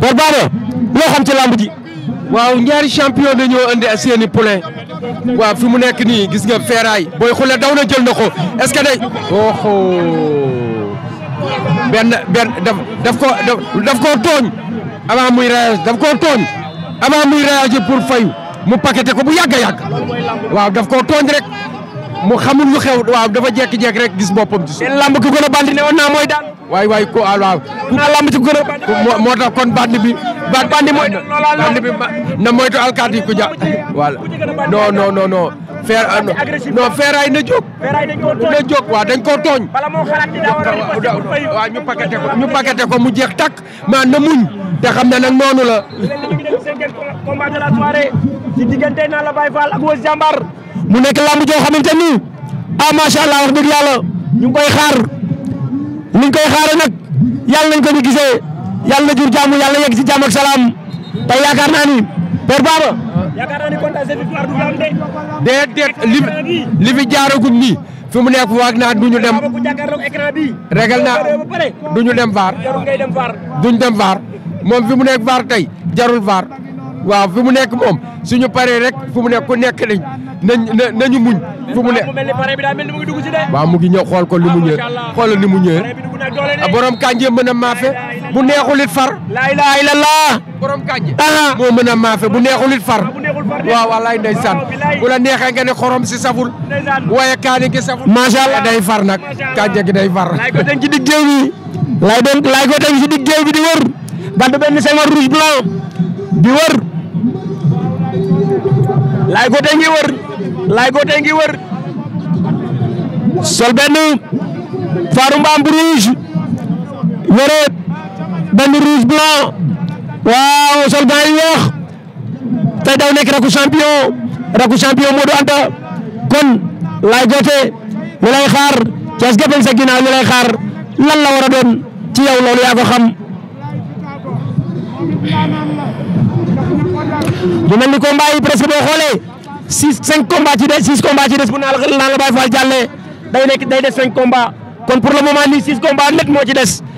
Père Baba xam ci lamb ji. waaw ñaari champion dañoo indi seeni poulain waaw fi mu nekk nii gis nga feeraay booy xule daw na jël na ko est-ce que day oho benn benn daf daf ko daf koo tooñ avant daf koo tooñ avant muy réagir pour fayu mu paqueté ko bu yàgg a waaw daf koo tooñ rek mo xamul lu xew waaw dafa jek jek rek gis bopam ci suuf. lamb ko gëna bandi ne woon moy dal way way ko al ah, waaw waaw. naa lamb ci gëna mo tax kon bandi bi. bandi moy bandi bi na moy to al kadi ku ja. voilà no no no non. feer no feray na jóg. na jog wa dañ ko togn bala mo xalat koo wara wa ñu pakete ko ñu pakete ko mu jek tak ma na muñ. te xam ne nag noonu la. combat de la soirée ci digënté na la bay Fall ak wo Jambar mu nek lamb jo xamanteni ni ah, ma sha allah wax deug yalla ñu koy xaar ñu koy xaar nak yalla nañ ko ni gisee yalla jur jàmm yalla yegg ci jàmm ak salam tay yaakar na ni Père Baba. yaakar na ni ce victoire du am de. déedéet li li fi jaaragum nii fi mu nek waak na duñu dem regal na duñu dem var duñu dem var mom, fi mu nek var tay jarul var waaw fi mu nek mom suñu paré rek fu mu nek ku nek liñ. nañ nañu muñ fu mu ne waaw mu ngi ñëw xool ko li mu ñëwee xoolal ni mu ñëwee borom kànje mën a maafe bu neexulit far laa ilaaha illallaah borom kànje moo mën a maafe bu neexulit far ah, waaw wallaay ndeysaan bu la neexee nga ne xorom si saful waaye kaani gi saful macha allah day far nag kànje gi day far laay ko teg ci digg géew bi laay doon laay ko teg ci digg géew bi di wër band benn sengoor rouge blanc di wër laay ko teg ngi wër Laye Gothé ngi wër sol benn faaru mbaam bu rouge yore waaw sol gant yi weex tey daw nekk rakku champion rakku champion kon Laye Gothé li xaar Thiès Guédiawaye sa ginnaaw xaar lan la war a doon ci yow loolu yaa ko xam du mel ni combat six cinq combats ci des six combats ci des bu naan la naan la Baye Fall jàllee day nekk day des cinq combats kon pour le moment nii six combats net moo ci des.